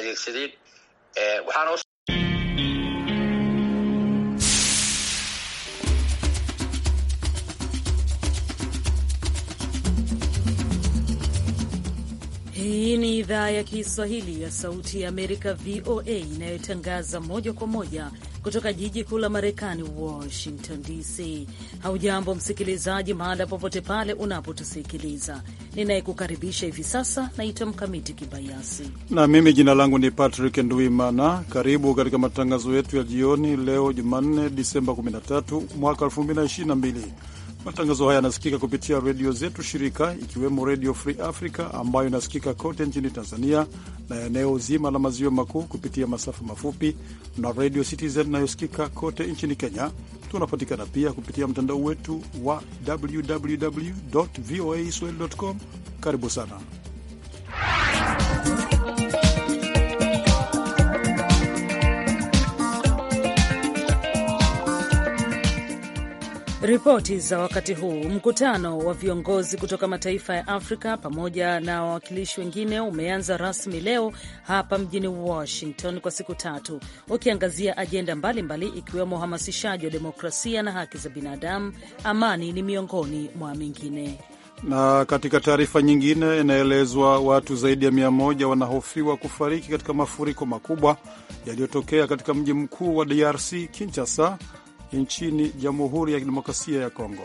adeegsadeen. Eh, waxaan Hii ni idhaa ya Kiswahili ya Sauti ya Amerika, VOA, inayotangaza moja kwa moja kutoka jiji kuu la Marekani, Washington DC. Haujambo msikilizaji, mahala popote pale unapotusikiliza. Ninayekukaribisha hivi sasa naitwa Mkamiti Kibayasi na mimi jina langu ni Patrick Nduimana. Karibu katika matangazo yetu ya jioni leo Jumanne, Disemba 13 mwaka 2022. Matangazo haya yanasikika kupitia redio zetu shirika, ikiwemo Redio Free Africa ambayo inasikika kote nchini Tanzania na eneo zima la maziwa makuu kupitia masafa mafupi na Redio Citizen inayosikika kote nchini Kenya. Tunapatikana pia kupitia mtandao wetu wa www voa swahili com. Karibu sana. Ripoti za wakati huu. Mkutano wa viongozi kutoka mataifa ya Afrika pamoja na wawakilishi wengine umeanza rasmi leo hapa mjini Washington kwa siku tatu, ukiangazia ajenda mbalimbali ikiwemo uhamasishaji wa demokrasia na haki za binadamu. Amani ni miongoni mwa mingine. Na katika taarifa nyingine, inaelezwa watu zaidi ya mia moja wanahofiwa kufariki katika mafuriko makubwa yaliyotokea katika mji mkuu wa DRC Kinshasa nchini Jamhuri ya Kidemokrasia ya Kongo.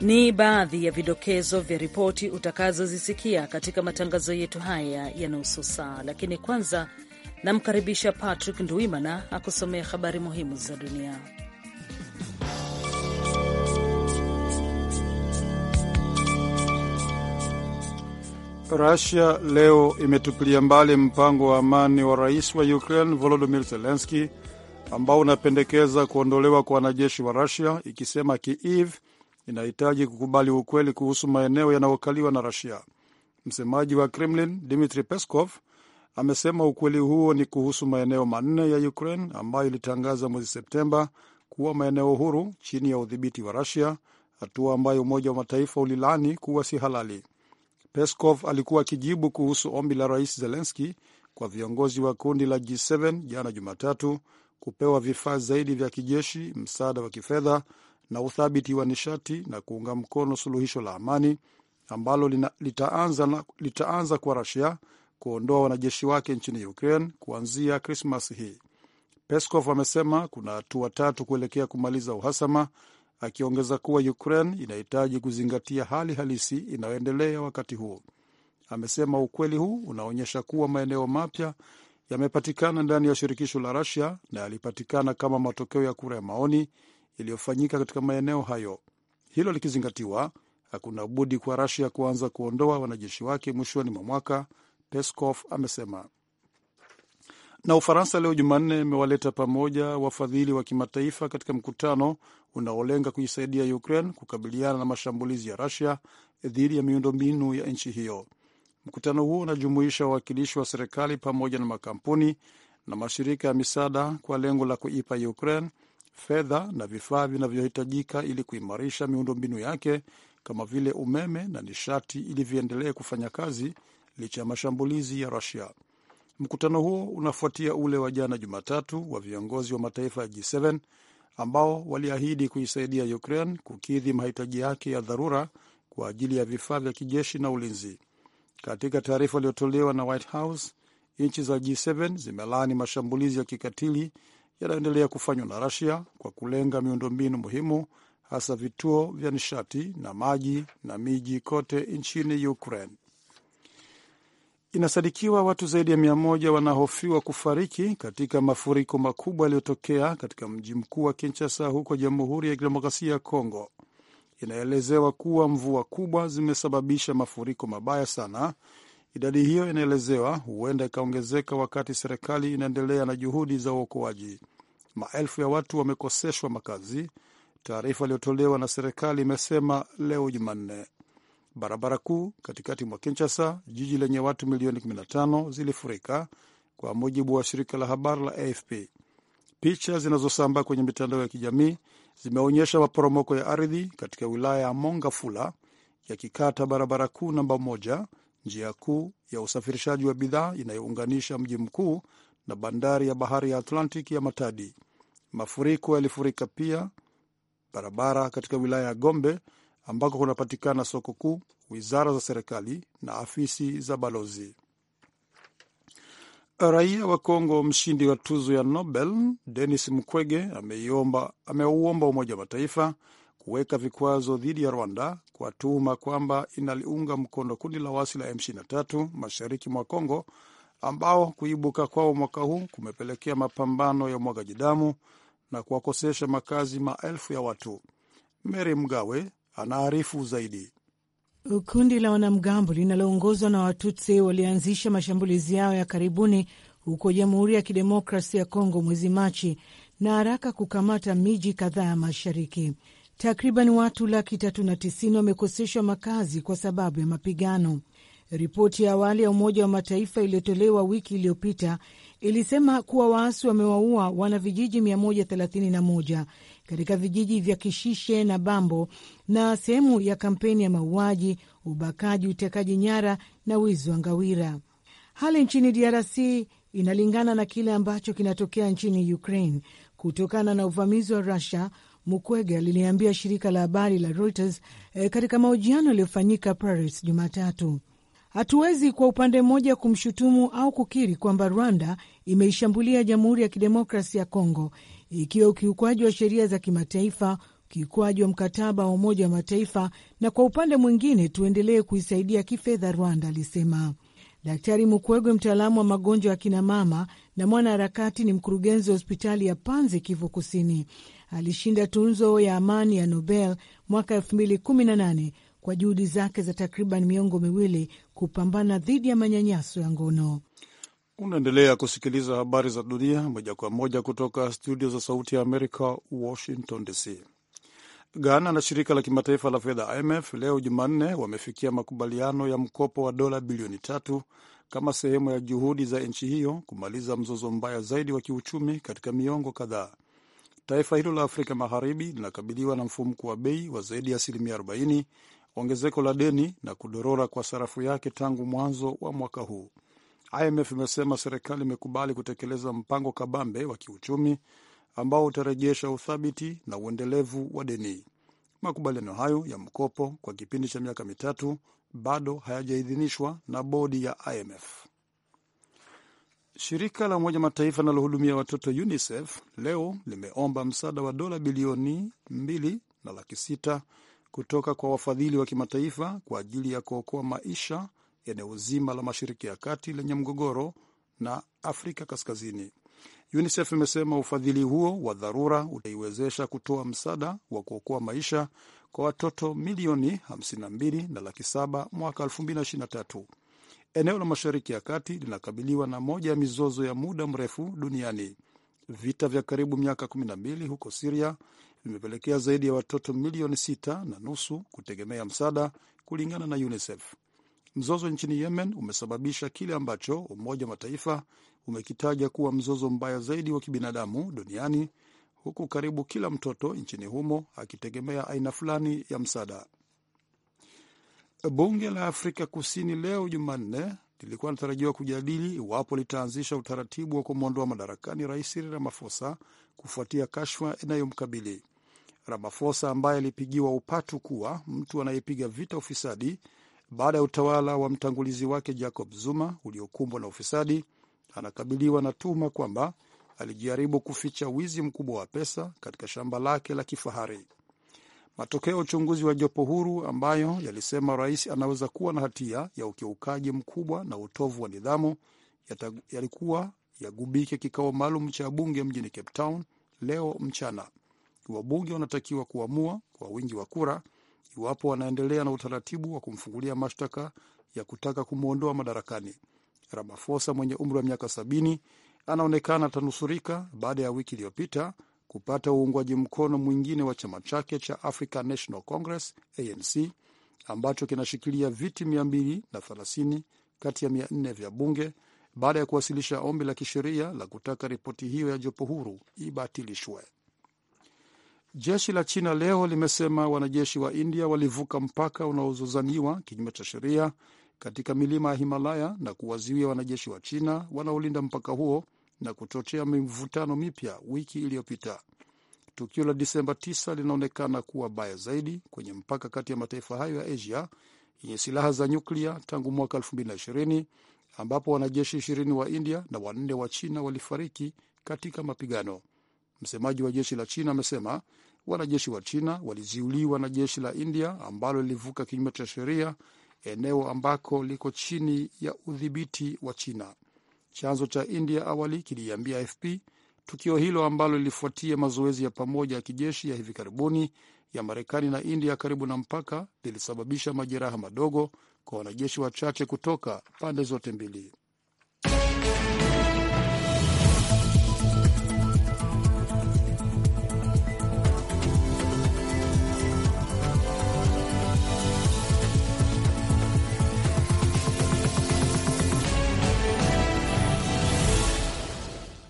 Ni baadhi ya vidokezo vya ripoti utakazozisikia katika matangazo yetu haya ya nusu saa, lakini kwanza namkaribisha Patrick nduimana akusomea habari muhimu za dunia. rusia leo imetupilia mbali mpango wa amani wa rais wa Ukraine volodimir zelenski ambao unapendekeza kuondolewa kwa wanajeshi wa Rusia, ikisema Kiev inahitaji kukubali ukweli kuhusu maeneo yanayokaliwa na Rusia. Msemaji wa Kremlin Dmitri Peskov amesema ukweli huo ni kuhusu maeneo manne ya Ukraine ambayo ilitangaza mwezi Septemba kuwa maeneo huru chini ya udhibiti wa Rusia, hatua ambayo Umoja wa Mataifa ulilani kuwa si halali. Peskov alikuwa akijibu kuhusu ombi la Rais Zelenski kwa viongozi wa kundi la G7 jana Jumatatu kupewa vifaa zaidi vya kijeshi, msaada wa kifedha na uthabiti wa nishati na kuunga mkono suluhisho la amani ambalo lina, litaanza, na, litaanza kwa rasia kuondoa wanajeshi wake nchini Ukraine kuanzia Krismas hii. Peskov amesema kuna hatua tatu kuelekea kumaliza uhasama, akiongeza kuwa Ukraine inahitaji kuzingatia hali halisi inayoendelea wakati huo. Amesema ukweli huu unaonyesha kuwa maeneo mapya yamepatikana ndani ya shirikisho la rasia na yalipatikana kama matokeo ya kura ya maoni iliyofanyika katika maeneo hayo. Hilo likizingatiwa, hakuna budi kwa rasia kuanza kuondoa wanajeshi wake mwishoni mwa mwaka, Peskov amesema. Na Ufaransa leo Jumanne imewaleta pamoja wafadhili wa kimataifa katika mkutano unaolenga kuisaidia Ukraine kukabiliana na mashambulizi ya rasia dhidi ya miundombinu ya nchi hiyo. Mkutano huo unajumuisha wawakilishi wa serikali pamoja na makampuni na mashirika ya misaada kwa lengo la kuipa Ukraine fedha na vifaa vinavyohitajika ili kuimarisha miundombinu yake kama vile umeme na nishati ili viendelee kufanya kazi licha ya mashambulizi ya Rusia. Mkutano huo unafuatia ule wa jana Jumatatu wa viongozi wa mataifa ya G7 ambao waliahidi kuisaidia Ukraine kukidhi mahitaji yake ya dharura kwa ajili ya vifaa vya kijeshi na ulinzi. Katika taarifa iliyotolewa na White House, nchi za G7 zimelaani mashambulizi ya kikatili yanayoendelea kufanywa na Russia kwa kulenga miundombinu muhimu, hasa vituo vya nishati na maji na miji kote nchini Ukraine. Inasadikiwa watu zaidi ya mia moja wanahofiwa kufariki katika mafuriko makubwa yaliyotokea katika mji mkuu wa Kinshasa huko Jamhuri ya Kidemokrasia ya Kongo inaelezewa kuwa mvua kubwa zimesababisha mafuriko mabaya sana. Idadi hiyo inaelezewa huenda ikaongezeka wakati serikali inaendelea na juhudi za uokoaji. Maelfu ya watu wamekoseshwa makazi. Taarifa iliyotolewa na serikali imesema leo Jumanne barabara kuu katikati mwa Kinshasa, jiji lenye watu milioni 15, zilifurika kwa mujibu wa shirika la habari la AFP. Picha zinazosambaa kwenye mitandao ya kijamii zimeonyesha maporomoko ya ardhi katika wilaya ya Mongafula yakikata barabara kuu namba moja, njia kuu ya usafirishaji wa bidhaa inayounganisha mji mkuu na bandari ya bahari ya Atlantic ya Matadi. Mafuriko yalifurika pia barabara katika wilaya ya Gombe ambako kunapatikana soko kuu, wizara za serikali na afisi za balozi. Raia wa Kongo mshindi wa tuzo ya Nobel Denis Mukwege ameuomba Umoja wa Mataifa kuweka vikwazo dhidi ya Rwanda kwa tuhuma kwamba inaliunga mkono kundi la wasi la M23 mashariki mwa Kongo, ambao kuibuka kwao mwaka huu kumepelekea mapambano ya umwagaji damu na kuwakosesha makazi maelfu ya watu. Mary Mgawe anaarifu zaidi. Kundi la wanamgambo linaloongozwa na Watutsi walianzisha mashambulizi yao ya karibuni huko Jamhuri ya kidemokrasi ya Kongo mwezi Machi na haraka kukamata miji kadhaa ya mashariki. Takriban watu laki tatu na tisini wamekoseshwa makazi kwa sababu ya mapigano. Ripoti ya awali ya Umoja wa Mataifa iliyotolewa wiki iliyopita ilisema kuwa waasi wamewaua wanavijiji 131 katika vijiji vya Kishishe na Bambo na sehemu ya kampeni ya mauaji, ubakaji, utekaji nyara na wizi wa ngawira. Hali nchini DRC inalingana na kile ambacho kinatokea nchini Ukraine kutokana na uvamizi wa Rusia, Mukwege aliliambia shirika la habari la Reuters e, katika mahojiano yaliyofanyika Paris Jumatatu. Hatuwezi kwa upande mmoja kumshutumu au kukiri kwamba Rwanda imeishambulia Jamhuri ya Kidemokrasi ya Kongo ikiwa ukiukwaji wa sheria za kimataifa, ukiukwaji wa mkataba wa Umoja wa Mataifa, na kwa upande mwingine tuendelee kuisaidia kifedha Rwanda, alisema Daktari Mukwege, mtaalamu wa magonjwa ya kinamama na mwanaharakati, ni mkurugenzi wa hospitali ya Panzi, Kivu Kusini. Alishinda tunzo ya amani ya Nobel mwaka 2018 kwa juhudi zake za takriban miongo miwili kupambana dhidi ya manyanyaso ya ngono. Unaendelea kusikiliza habari za dunia moja kwa moja kutoka studio za sauti ya Amerika, Washington DC. Ghana na shirika la kimataifa la fedha IMF leo Jumanne wamefikia makubaliano ya mkopo wa dola bilioni tatu kama sehemu ya juhudi za nchi hiyo kumaliza mzozo mbaya zaidi wa kiuchumi katika miongo kadhaa. Taifa hilo la Afrika Magharibi linakabiliwa na mfumko wa bei wa zaidi ya asilimia 40, ongezeko la deni na kudorora kwa sarafu yake tangu mwanzo wa mwaka huu. IMF imesema serikali imekubali kutekeleza mpango kabambe wa kiuchumi ambao utarejesha uthabiti na uendelevu wa deni. Makubaliano hayo ya mkopo kwa kipindi cha miaka mitatu bado hayajaidhinishwa na bodi ya IMF. Shirika la Umoja Mataifa linalohudumia watoto UNICEF leo limeomba msaada wa dola bilioni mbili na laki sita kutoka kwa wafadhili wa kimataifa kwa ajili ya kuokoa maisha eneo zima la Mashariki ya Kati lenye mgogoro na Afrika Kaskazini. UNICEF imesema ufadhili huo wa dharura utaiwezesha kutoa msaada wa kuokoa maisha kwa watoto milioni 52 na laki 7 mwaka 2023. Eneo la Mashariki ya Kati linakabiliwa na moja ya mizozo ya muda mrefu duniani. Vita vya karibu miaka 12 huko Siria vimepelekea zaidi ya watoto milioni 6 na nusu kutegemea msaada, kulingana na UNICEF. Mzozo nchini Yemen umesababisha kile ambacho Umoja wa Mataifa umekitaja kuwa mzozo mbaya zaidi wa kibinadamu duniani, huku karibu kila mtoto nchini humo akitegemea aina fulani ya msaada. Bunge la Afrika Kusini leo Jumanne lilikuwa linatarajiwa kujadili iwapo litaanzisha utaratibu wa kumwondoa madarakani Rais Cyril Ramaphosa kufuatia kashfa inayomkabili Ramaphosa ambaye alipigiwa upatu kuwa mtu anayepiga vita ufisadi baada ya utawala wa mtangulizi wake Jacob Zuma uliokumbwa na ufisadi, anakabiliwa na tuma kwamba alijaribu kuficha wizi mkubwa wa pesa katika shamba lake la kifahari. Matokeo ya uchunguzi wa jopo huru ambayo yalisema rais anaweza kuwa na hatia ya ukiukaji mkubwa na utovu wa nidhamu yalikuwa yagubike kikao maalum cha bunge mjini Cape Town leo mchana. Wabunge wanatakiwa kuamua kwa wingi wa kura iwapo wanaendelea na utaratibu wa kumfungulia mashtaka ya kutaka kumwondoa madarakani. ramafosa mwenye umri wa miaka sabini anaonekana atanusurika baada ya wiki iliyopita kupata uungwaji mkono mwingine wa chama chake cha African National Congress ANC ambacho kinashikilia viti 230 kati ya 400 vya bunge baada ya kuwasilisha ombi la kisheria la kutaka ripoti hiyo ya jopo huru ibatilishwe. Jeshi la China leo limesema wanajeshi wa India walivuka mpaka unaozozaniwa kinyume cha sheria katika milima ya Himalaya na kuwazuia wanajeshi wa China wanaolinda mpaka huo na kuchochea mivutano mipya wiki iliyopita. Tukio la Disemba 9 linaonekana kuwa baya zaidi kwenye mpaka kati ya mataifa hayo ya Asia yenye silaha za nyuklia tangu mwaka 2020 ambapo wanajeshi 20 wa India na wanne wa China walifariki katika mapigano. Msemaji wa jeshi la China amesema wanajeshi wa China waliziuliwa na jeshi la India ambalo lilivuka kinyume cha sheria eneo ambako liko chini ya udhibiti wa China. Chanzo cha India awali kiliambia AFP tukio hilo ambalo lilifuatia mazoezi ya pamoja ya kijeshi ya hivi karibuni ya Marekani na India karibu na mpaka lilisababisha majeraha madogo kwa wanajeshi wachache kutoka pande zote mbili.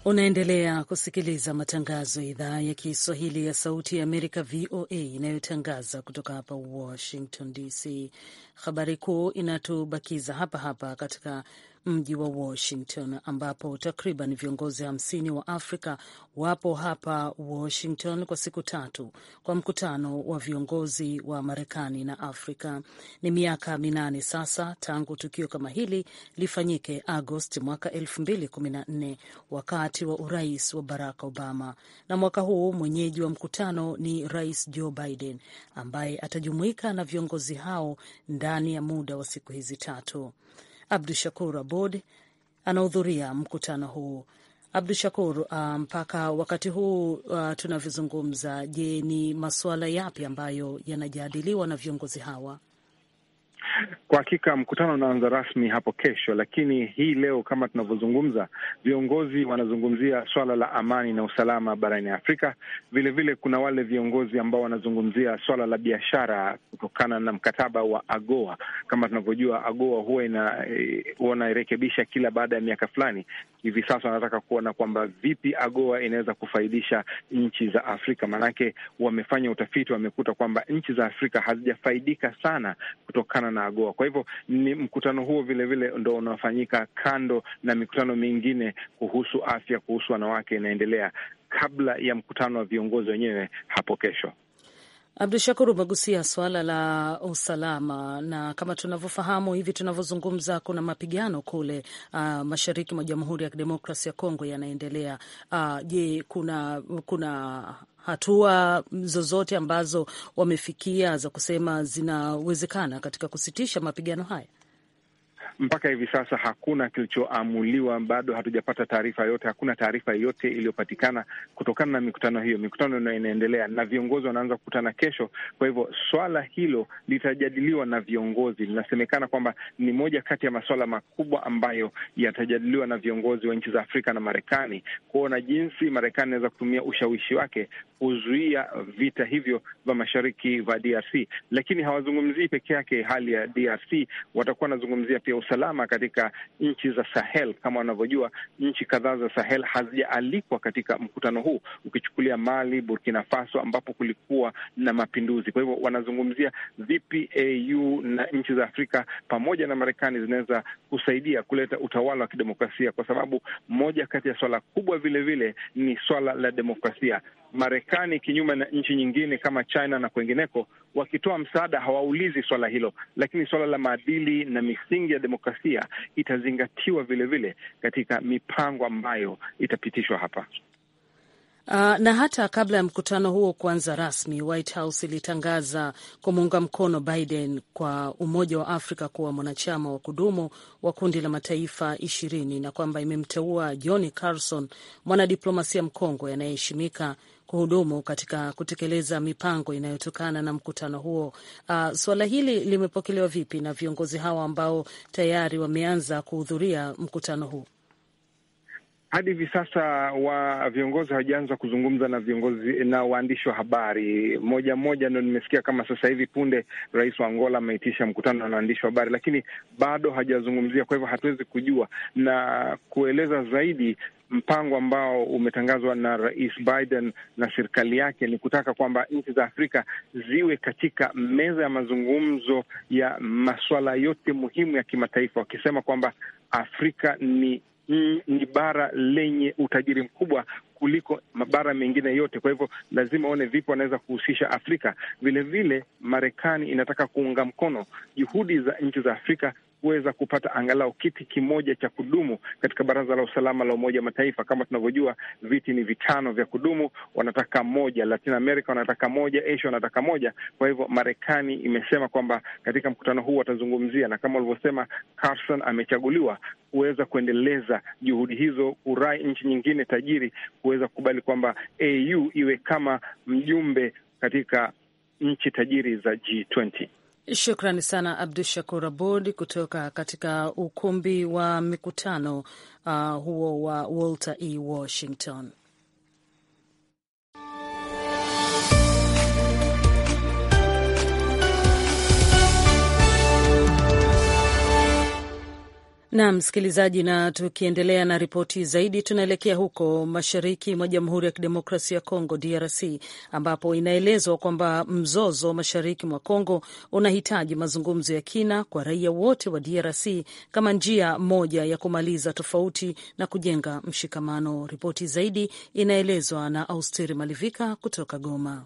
Unaendelea kusikiliza matangazo ya idhaa ya Kiswahili ya Sauti ya Amerika, VOA, inayotangaza kutoka hapa Washington DC. Habari kuu inatubakiza hapa hapa katika mji wa Washington, ambapo takriban viongozi hamsini wa Afrika wapo hapa Washington kwa siku tatu kwa mkutano wa viongozi wa Marekani na Afrika. Ni miaka minane sasa tangu tukio kama hili lifanyike Agosti mwaka 2014 wakati wa urais wa Barack Obama, na mwaka huu mwenyeji wa mkutano ni Rais Joe Biden ambaye atajumuika na viongozi hao ndani ya muda wa siku hizi tatu. Abdu Shakur Abud anahudhuria mkutano huu. Abdu Shakur, uh, mpaka wakati huu uh, tunavyozungumza, je, ni masuala yapi ambayo yanajadiliwa na viongozi hawa? Kwa hakika mkutano unaanza rasmi hapo kesho, lakini hii leo kama tunavyozungumza, viongozi wanazungumzia swala la amani na usalama barani Afrika. Vilevile vile kuna wale viongozi ambao wanazungumzia swala la biashara kutokana na mkataba wa AGOA. Kama tunavyojua, AGOA huwa inairekebisha eh, kila baada ya miaka fulani. Hivi sasa wanataka kuona kwamba vipi AGOA inaweza kufaidisha nchi za Afrika, maanake wamefanya utafiti, wamekuta kwamba nchi za Afrika hazijafaidika sana kutokana na AGOA. Kwa hivyo ni mkutano huo vilevile ndo unafanyika kando na mikutano mingine kuhusu afya, kuhusu wanawake inaendelea kabla ya mkutano wa viongozi wenyewe hapo kesho. Abdu Shakur, umegusia swala la usalama, na kama tunavyofahamu, hivi tunavyozungumza, kuna mapigano kule uh, mashariki mwa Jamhuri ya Kidemokrasi ya Kongo yanaendelea. Uh, je, uh, kuna kuna hatua zozote ambazo wamefikia za kusema zinawezekana katika kusitisha mapigano haya? mpaka hivi sasa hakuna kilichoamuliwa, bado hatujapata taarifa yoyote, hakuna taarifa yoyote iliyopatikana kutokana na mikutano hiyo. Mikutano inaendelea na viongozi wanaanza kukutana kesho, kwa hivyo swala hilo litajadiliwa na viongozi. Linasemekana kwamba ni moja kati ya masuala makubwa ambayo yatajadiliwa na viongozi wa nchi za Afrika na Marekani, kuona jinsi Marekani inaweza kutumia ushawishi wake kuzuia vita hivyo vya mashariki vya DRC. Lakini hawazungumzii peke yake hali ya DRC, watakuwa wanazungumzia pia usalama katika nchi za Sahel. Kama wanavyojua, nchi kadhaa za Sahel hazijaalikwa katika mkutano huu, ukichukulia Mali, Burkina Faso ambapo kulikuwa na mapinduzi. Kwa hivyo wanazungumzia vipi AU na nchi za Afrika pamoja na Marekani zinaweza kusaidia kuleta utawala wa kidemokrasia, kwa sababu moja kati ya swala kubwa vilevile vile ni swala la demokrasia. Marekani kinyume na nchi nyingine kama China na kwengineko wakitoa msaada hawaulizi swala hilo, lakini swala la maadili na misingi ya demokrasia itazingatiwa vilevile vile katika mipango ambayo itapitishwa hapa. Uh, na hata kabla ya mkutano huo kuanza rasmi, White House ilitangaza kumuunga mkono Biden kwa Umoja wa Afrika kuwa mwanachama wa kudumu wa kundi la mataifa ishirini na kwamba imemteua John Carson, mwanadiplomasia mkongwe anayeheshimika kuhudumu katika kutekeleza mipango inayotokana na mkutano huo. Uh, suala hili limepokelewa vipi na viongozi hawa ambao tayari wameanza kuhudhuria mkutano huu? Hadi hivi sasa wa viongozi hawajaanza kuzungumza na viongozi na waandishi wa habari moja moja, ndo nimesikia kama sasa hivi punde rais wa Angola ameitisha mkutano na waandishi wa habari, lakini bado hajazungumzia. Kwa hivyo hatuwezi kujua na kueleza zaidi mpango ambao umetangazwa na Rais Biden na serikali yake ni kutaka kwamba nchi za Afrika ziwe katika meza ya mazungumzo ya masuala yote muhimu ya kimataifa, wakisema kwamba Afrika ni ni bara lenye utajiri mkubwa kuliko mabara mengine yote. Kwa hivyo lazima aone vipi wanaweza kuhusisha Afrika. Vilevile, Marekani inataka kuunga mkono juhudi za nchi za Afrika kuweza kupata angalau kiti kimoja cha kudumu katika baraza la usalama la Umoja Mataifa. Kama tunavyojua viti ni vitano vya kudumu, wanataka moja. Latin America wanataka moja, Asia wanataka moja. Kwa hivyo Marekani imesema kwamba katika mkutano huu watazungumzia, na kama walivyosema Carson amechaguliwa kuweza kuendeleza juhudi hizo, kurai nchi nyingine tajiri kuweza kukubali kwamba AU iwe kama mjumbe katika nchi tajiri za G20. Shukrani sana Abdu Shakur Abud kutoka katika ukumbi wa mikutano uh, huo wa Walter E Washington. Na msikilizaji, na tukiendelea na ripoti zaidi, tunaelekea huko mashariki mwa Jamhuri ya Kidemokrasia ya Kongo, DRC, ambapo inaelezwa kwamba mzozo mashariki mwa Kongo unahitaji mazungumzo ya kina kwa raia wote wa DRC kama njia moja ya kumaliza tofauti na kujenga mshikamano. Ripoti zaidi inaelezwa na Austeri Malivika kutoka Goma.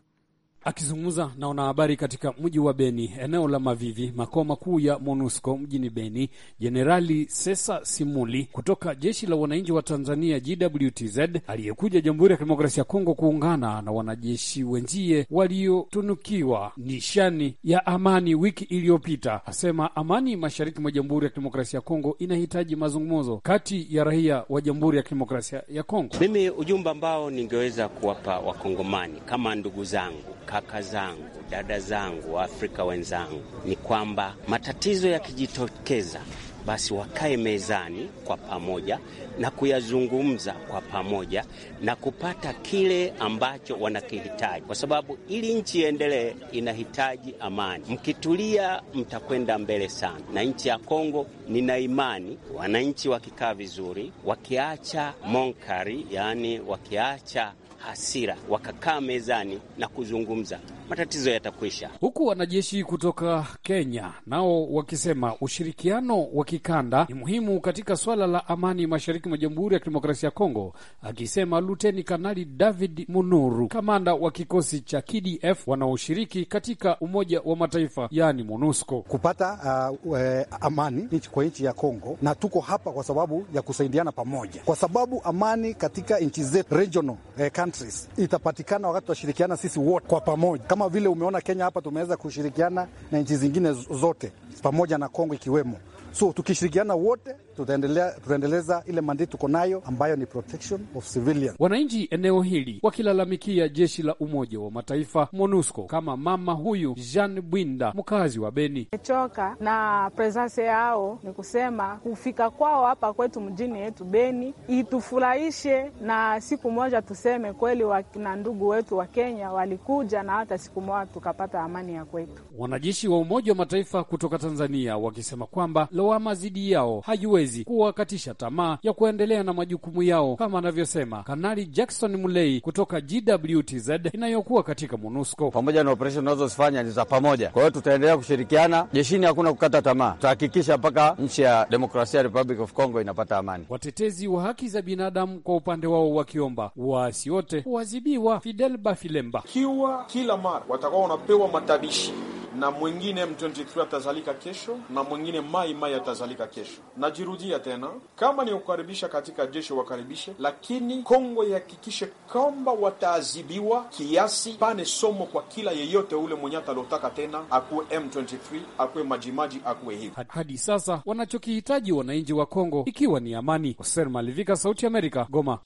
Akizungumza na wanahabari katika mji wa Beni, eneo la Mavivi, makao makuu ya MONUSCO mjini Beni, Jenerali Sesa Simuli kutoka jeshi la wananchi wa Tanzania JWTZ, aliyekuja Jamhuri ya Kidemokrasia ya Kongo kuungana na wanajeshi wenzie waliotunukiwa nishani ya amani wiki iliyopita, asema amani mashariki mwa Jamhuri ya Kidemokrasia ya Kongo inahitaji mazungumzo kati ya raia wa Jamhuri ya Kidemokrasia ya Kongo. Mimi ujumbe ambao ningeweza kuwapa Wakongomani kama ndugu zangu kaka zangu, dada zangu, Waafrika wenzangu ni kwamba matatizo yakijitokeza basi wakae mezani kwa pamoja na kuyazungumza kwa pamoja na kupata kile ambacho wanakihitaji, kwa sababu ili nchi iendelee inahitaji amani. Mkitulia mtakwenda mbele sana, na nchi ya Kongo nina imani wananchi wakikaa vizuri, wakiacha monkari, yaani wakiacha hasira, wakakaa mezani na kuzungumza matatizo yatakwisha. Huku wanajeshi kutoka Kenya nao wakisema ushirikiano wa kikanda ni muhimu katika swala la amani mashariki mwa Jamhuri ya Kidemokrasia ya Kongo, akisema Luteni Kanali David Munuru, kamanda wa kikosi cha KDF wanaoshiriki katika Umoja wa Mataifa yani MONUSCO, kupata uh, we, eh, amani nchi kwa nchi ya Kongo, na tuko hapa kwa sababu ya kusaidiana pamoja, kwa sababu amani katika nchi zetu regional, eh, countries itapatikana wakati tunashirikiana sisi wote kwa pamoja kama vile umeona Kenya hapa tumeweza kushirikiana na nchi zingine zote pamoja na Kongo ikiwemo. So tukishirikiana wote tutaendeleza ile mandate tuko nayo ambayo ni protection of Wananchi eneo hili wakilalamikia jeshi la Umoja wa Mataifa MONUSCO, kama mama huyu Jean Bwinda, mkazi wa Beni. Mechoka na presence yao, ni kusema kufika kwao hapa kwetu mjini yetu Beni itufurahishe, na siku moja tuseme kweli na ndugu wetu wa Kenya walikuja, na hata siku moja tukapata amani ya kwetu. Wanajeshi wa Umoja wa Mataifa kutoka Tanzania wakisema kwamba linalowawama dhidi yao haiwezi kuwakatisha tamaa ya kuendelea na majukumu yao, kama anavyosema Kanali Jackson Mulei kutoka JWTZ inayokuwa katika MONUSCO. Pamoja na operesheni unazozifanya ni za pamoja, kwa hiyo tutaendelea kushirikiana jeshini, hakuna kukata tamaa, tutahakikisha mpaka nchi ya demokrasia ya Republic of Congo inapata amani. Watetezi wa haki za binadamu kwa upande wao wakiomba waasi wote wazibiwa Fidel Bafilemba kiwa kila mara watakuwa wanapewa matabishi na mwingine M23 atazalika kesho na mwingine mai mai atazalika kesho. Najirudia tena, kama ni kukaribisha katika jeshi wakaribishe, lakini Kongo ihakikishe kwamba wataadhibiwa kiasi, pane somo kwa kila yeyote ule mwenye atalotaka tena akuwe M23, akuwe majimaji, akuwe hivi. Hadi sasa wanachokihitaji wananchi wa Kongo ikiwa ni amani. Hoser Malivika, Sauti ya Amerika, Goma.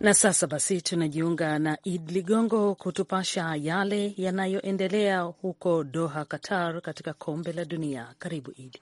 Na sasa basi tunajiunga na Id Ligongo kutupasha yale yanayoendelea huko Doha, Qatar, katika kombe la dunia. Karibu Idi.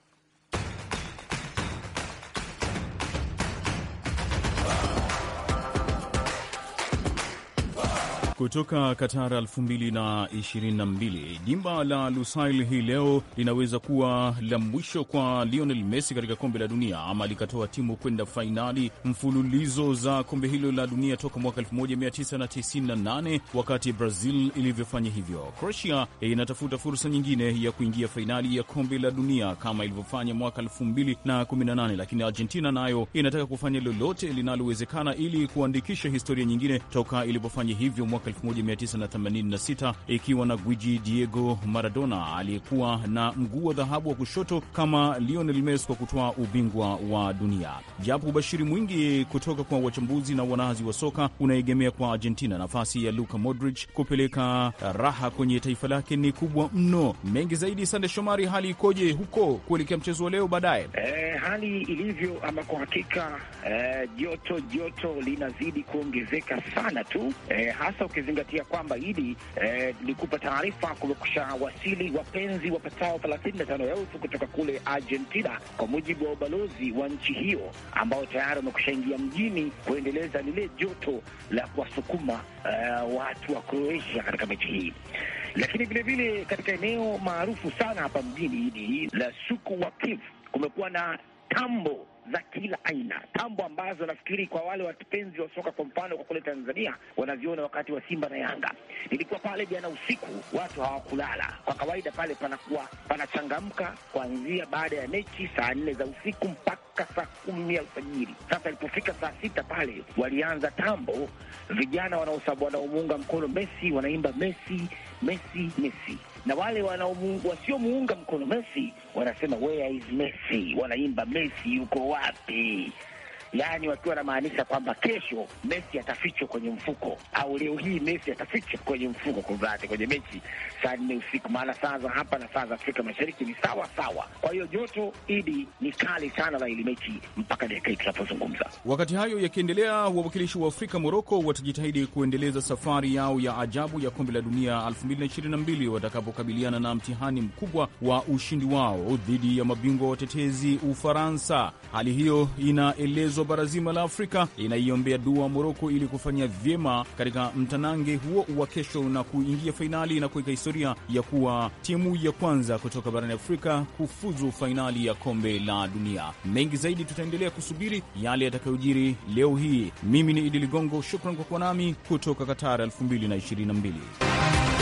kutoka Katar 2022. Jimba la Lusail hii leo linaweza kuwa la mwisho kwa Lionel Messi katika kombe la dunia, ama likatoa timu kwenda fainali mfululizo za kombe hilo la dunia toka mwaka 1998 wakati Brazil ilivyofanya hivyo. Croatia inatafuta fursa nyingine ya kuingia fainali ya kombe la dunia kama ilivyofanya mwaka 2018, lakini Argentina nayo inataka kufanya lolote linalowezekana ili kuandikisha historia nyingine toka ilipofanya hivyo mwaka mwaka 1986 ikiwa na gwiji Diego Maradona aliyekuwa na mguu wa dhahabu wa kushoto kama Lionel Messi kwa kutoa ubingwa wa dunia. Japo ubashiri mwingi kutoka kwa wachambuzi na wanazi wa soka unaegemea kwa Argentina, nafasi ya Luka Modric kupeleka raha kwenye taifa lake ni kubwa mno. Mengi zaidi, Sande Shomari, hali ikoje huko kuelekea mchezo wa leo baadaye? E, hali ilivyo ama kwa hakika e, joto joto linazidi kuongezeka sana tu e, hasa ukizingatia kwamba idi ilikupa eh, kupa taarifa kumekusha wasili wapenzi wapatao 35,000 kutoka kule Argentina, kwa mujibu wa ubalozi wa nchi hiyo ambao tayari wamekushaingia mjini kuendeleza lile joto la kuwasukuma eh, watu wa Croatia katika mechi hii lakini vilevile katika eneo maarufu sana hapa mjini hili la suku wa Kiev kumekuwa na tambo za kila aina, tambo ambazo nafikiri kwa wale wapenzi wa soka, kwa mfano kwa kule Tanzania, wanaziona wakati wa Simba na Yanga. Nilikuwa pale jana usiku, watu hawakulala. Kwa kawaida pale panakuwa panachangamka kuanzia baada ya mechi saa nne za usiku mpaka saa kumi alfajiri. Sasa ilipofika saa sita pale walianza tambo, vijana wanaomuunga mkono Messi wanaimba Messi Messi Messi na wale wasiomuunga mkono Messi wanasema where is Messi, wanaimba Messi yuko wapi? yaani wakiwa wanamaanisha kwamba kesho Messi atafichwa kwenye mfuko au leo hii Messi atafichwa kwenye mfuko, kumradhi, kwenye mechi saa nne usiku, maana saa za hapa na saa za Afrika Mashariki ni sawa sawa. Kwa hiyo joto idi ni kali sana la ili mechi mpaka dakika hii tunapozungumza. Wakati hayo yakiendelea, wawakilishi wa Afrika Moroko watajitahidi kuendeleza safari yao ya ajabu ya kombe la dunia 2022 watakapokabiliana na mtihani mkubwa wa ushindi wao dhidi ya mabingwa watetezi Ufaransa. Hali hiyo inaelezwa wa bara zima la Afrika inaiombea dua Moroko ili kufanya vyema katika mtanange huo wa kesho na kuingia fainali na kuweka historia ya kuwa timu ya kwanza kutoka barani Afrika kufuzu fainali ya kombe la dunia. Mengi zaidi tutaendelea kusubiri yale yatakayojiri leo hii. Mimi ni Idi Ligongo, shukran kwa kuwa nami kutoka katar 2022.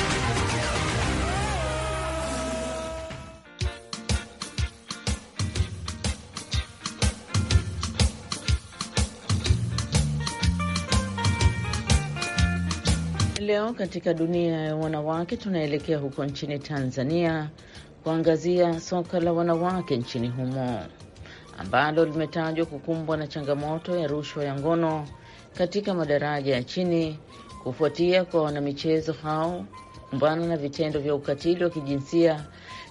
leo katika dunia ya wanawake, tunaelekea huko nchini Tanzania kuangazia soka la wanawake nchini humo ambalo limetajwa kukumbwa na changamoto ya rushwa ya ngono katika madaraja ya chini kufuatia kwa wanamichezo hao kukumbana na vitendo vya ukatili wa kijinsia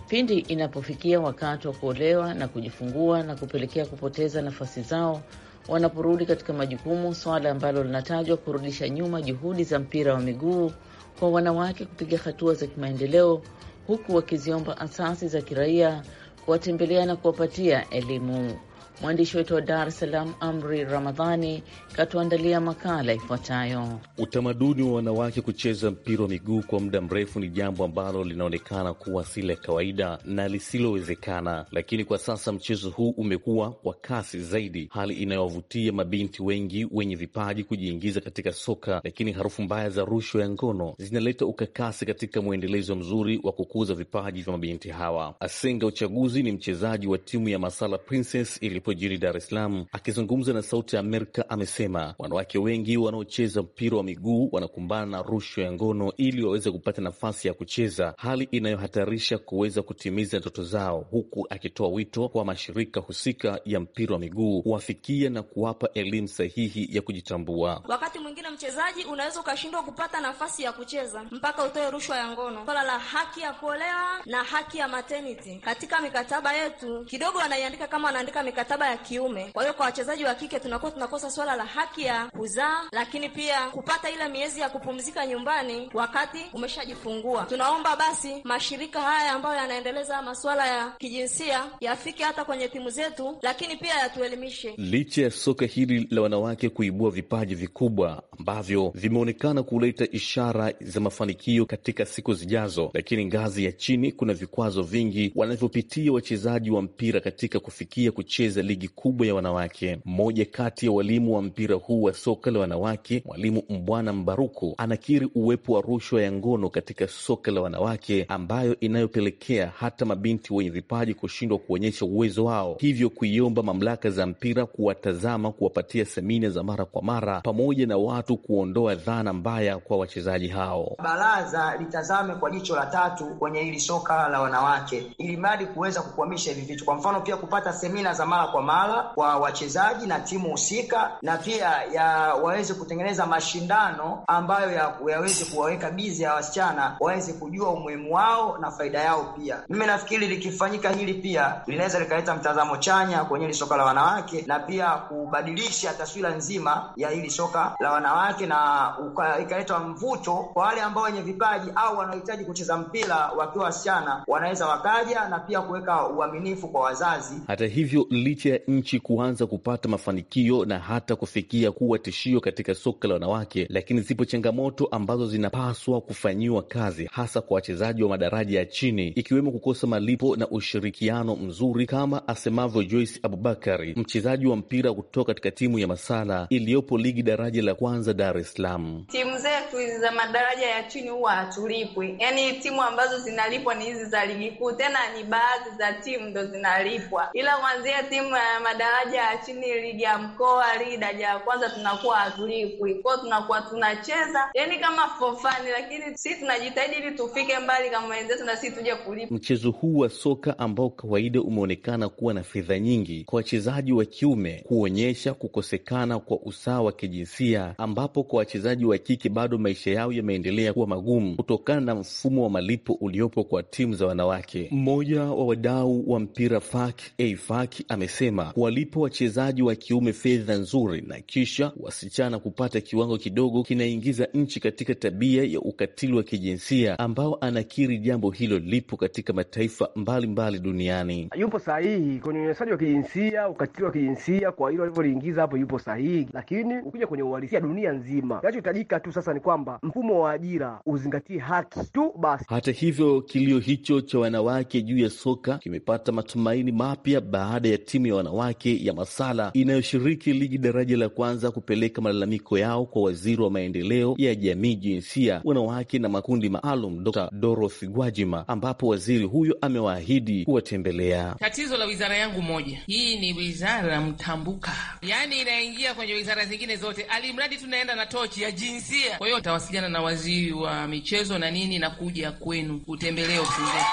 pindi inapofikia wakati wa kuolewa na kujifungua na kupelekea kupoteza nafasi zao wanaporudi katika majukumu, swala ambalo linatajwa kurudisha nyuma juhudi za mpira wa miguu kwa wanawake kupiga hatua za kimaendeleo, huku wakiziomba asasi za kiraia kuwatembelea na kuwapatia elimu. Mwandishi wetu wa Dar es Salaam, Amri Ramadhani, katuandalia makala ifuatayo. Utamaduni wa wanawake kucheza mpira wa miguu kwa muda mrefu ni jambo ambalo linaonekana kuwa si la kawaida na lisilowezekana, lakini kwa sasa mchezo huu umekuwa kwa kasi zaidi, hali inayowavutia mabinti wengi wenye vipaji kujiingiza katika soka. Lakini harufu mbaya za rushwa ya ngono zinaleta ukakasi katika mwendelezo mzuri wa kukuza vipaji vya mabinti hawa. Asenga Uchaguzi ni mchezaji wa timu ya Masala Princess ili alipojiri Dar es Salaam. Akizungumza na Sauti ya Amerika, amesema wanawake wengi wanaocheza mpira wa miguu wanakumbana na rushwa ya ngono ili waweze kupata nafasi ya kucheza, hali inayohatarisha kuweza kutimiza ndoto zao, huku akitoa wito kwa mashirika husika ya mpira wa miguu kuwafikia na kuwapa elimu sahihi ya kujitambua. Wakati mwingine mchezaji unaweza ukashindwa kupata nafasi ya kucheza mpaka utoe rushwa ya ngono. Swala la haki ya kuolewa na haki ya maternity katika mikataba yetu kidogo wanaiandika kama wanaandika mikataba mikataba ya kiume. Kwa hiyo kwa wachezaji wa kike tunakuwa tunakosa swala la haki ya kuzaa, lakini pia kupata ile miezi ya kupumzika nyumbani wakati umeshajifungua. Tunaomba basi mashirika haya ambayo yanaendeleza masuala ya kijinsia yafike hata kwenye timu zetu, lakini pia yatuelimishe. Licha ya soka hili la wanawake kuibua vipaji vikubwa ambavyo vimeonekana kuleta ishara za mafanikio katika siku zijazo, lakini ngazi ya chini kuna vikwazo vingi wanavyopitia wachezaji wa mpira katika kufikia kucheza ligi kubwa ya wanawake. Mmoja kati ya walimu wa mpira huu wa soka la wanawake, mwalimu Mbwana Mbaruku, anakiri uwepo wa rushwa ya ngono katika soka la wanawake ambayo inayopelekea hata mabinti wenye vipaji kushindwa kuonyesha uwezo wao, hivyo kuiomba mamlaka za mpira kuwatazama, kuwapatia semina za mara kwa mara, pamoja na watu kuondoa dhana mbaya kwa wachezaji hao. Baraza litazame kwa jicho la tatu kwenye hili soka la wanawake, ili mradi kuweza kukwamisha hivi vitu. Kwa mfano, pia kupata semina za mara kwa mara kwa wachezaji na timu husika, na pia ya waweze kutengeneza mashindano ambayo ya, yaweze kuwaweka bizi ya wasichana waweze kujua umuhimu wao na faida yao. Pia mimi nafikiri likifanyika hili pia linaweza likaleta mtazamo chanya kwenye hili soka la wanawake na pia kubadilisha taswira nzima ya hili soka la wanawake na ikaleta mvuto kwa wale ambao wenye vipaji au wanaohitaji kucheza mpira wakiwa wasichana wanaweza wakaja, na pia kuweka uaminifu kwa wazazi. Hata hivyo licha licha ya nchi kuanza kupata mafanikio na hata kufikia kuwa tishio katika soka la wanawake, lakini zipo changamoto ambazo zinapaswa kufanyiwa kazi, hasa kwa wachezaji wa madaraja ya chini, ikiwemo kukosa malipo na ushirikiano mzuri, kama asemavyo Joyce Abubakari, mchezaji wa mpira kutoka katika timu ya Masala iliyopo ligi daraja la kwanza Dar es Salaam. Timu zetu hizi za madaraja ya chini huwa hatulipwi, yaani timu ambazo zinalipwa ni hizi za ligi kuu, tena ni baadhi za timu ndo zinalipwa, ila kuanzia timu ya madaraja ya chini, ligi ya mkoa, ligi daraja ya kwanza, tunakuwa hatulipwi kwao, tunakuwa tunacheza yani kama for fun, lakini si tunajitahidi ili tufike mbali kama wenzetu, na si tuje kulipa. Mchezo huu wa soka ambao kawaida umeonekana kuwa na fedha nyingi kwa wachezaji wa kiume, kuonyesha kukosekana kwa usawa wa kijinsia, ambapo kwa wachezaji wa kike bado maisha yao yameendelea kuwa magumu kutokana na mfumo wa malipo uliopo kwa timu za wanawake. Mmoja wa wadau wa mpira FAK AFAK amesema anasema kuwalipa wachezaji wa kiume fedha nzuri na kisha wasichana kupata kiwango kidogo kinaingiza nchi katika tabia ya ukatili wa kijinsia ambao anakiri jambo hilo lipo katika mataifa mbalimbali mbali duniani. Yupo sahihi kwenye unyanyasaji wa kijinsia, ukatili wa kijinsia, kwa hilo alivyoliingiza hapo yupo sahihi, lakini ukija kwenye uhalisia dunia nzima, kinachohitajika tu sasa ni kwamba mfumo wa ajira uzingatie haki tu basi. Hata hivyo, kilio hicho cha wanawake juu ya soka kimepata matumaini mapya baada ya timu ya ya wanawake ya Masala inayoshiriki ligi daraja la kwanza kupeleka malalamiko yao kwa waziri wa maendeleo ya jamii, jinsia, wanawake na makundi maalum, Dr. Dorothy Gwajima, ambapo waziri huyo amewaahidi kuwatembelea. Tatizo la wizara yangu moja, hii ni wizara mtambuka, yaani inaingia kwenye wizara zingine zote, alimradi tunaenda na tochi ya jinsia. Kwa hiyo tawasiliana na waziri wa michezo na nini na kuja kwenu kutembelea ufunguzi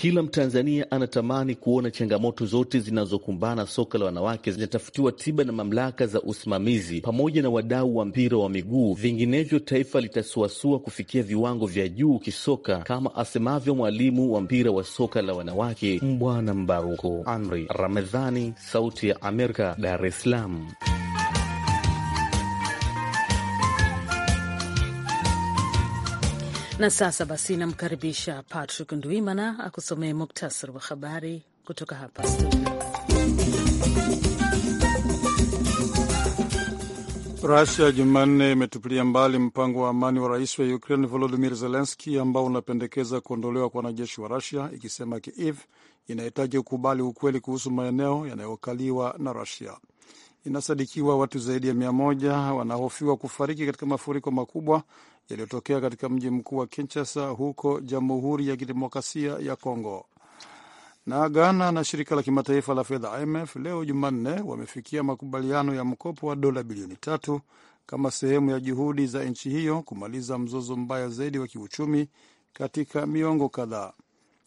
kila Mtanzania anatamani kuona changamoto zote zinazokumbana soka la wanawake zinatafutiwa tiba na mamlaka za usimamizi pamoja na wadau wa mpira wa miguu, vinginevyo taifa litasuasua kufikia viwango vya juu kisoka, kama asemavyo mwalimu wa mpira wa soka la wanawake Mbwana Mbaruko. Amri Ramadhani, Sauti ya Amerika, Dar es Salaam. Na sasa basi, namkaribisha Patrick Ndwimana akusomee muktasari wa habari kutoka hapa studio. Rusia Jumanne imetupilia mbali mpango wa amani wa rais wa Ukraine Volodimir Zelenski ambao unapendekeza kuondolewa kwa wanajeshi wa Rusia, ikisema Kiev inahitaji kukubali ukweli kuhusu maeneo yanayokaliwa na Rusia. Inasadikiwa watu zaidi ya mia moja wanahofiwa kufariki katika mafuriko makubwa yaliyotokea katika mji mkuu wa Kinshasa huko Jamhuri ya Kidemokrasia ya Kongo. Na Ghana na shirika la kimataifa la fedha IMF leo Jumanne wamefikia makubaliano ya mkopo wa dola bilioni tatu kama sehemu ya juhudi za nchi hiyo kumaliza mzozo mbaya zaidi wa kiuchumi katika miongo kadhaa.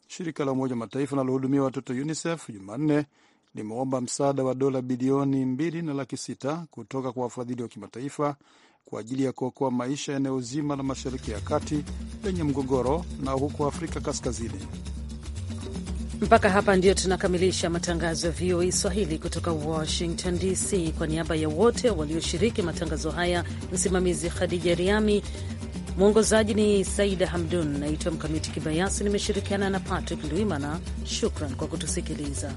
Shirika la Umoja Mataifa linalohudumia watoto UNICEF Jumanne limeomba msaada wa dola bilioni mbili na laki sita kutoka kwa wafadhili wa kimataifa kwa ajili ya kuokoa maisha eneo zima la Mashariki ya Kati lenye mgogoro na huko Afrika Kaskazini. Mpaka hapa ndio tunakamilisha matangazo ya VOA Swahili kutoka Washington DC. Kwa niaba ya wote walioshiriki matangazo haya, msimamizi Khadija Riami, mwongozaji ni Saida Hamdun. Naitwa Mkamiti Kibayasi, nimeshirikiana na Patrick Ndwimana. Shukran kwa kutusikiliza.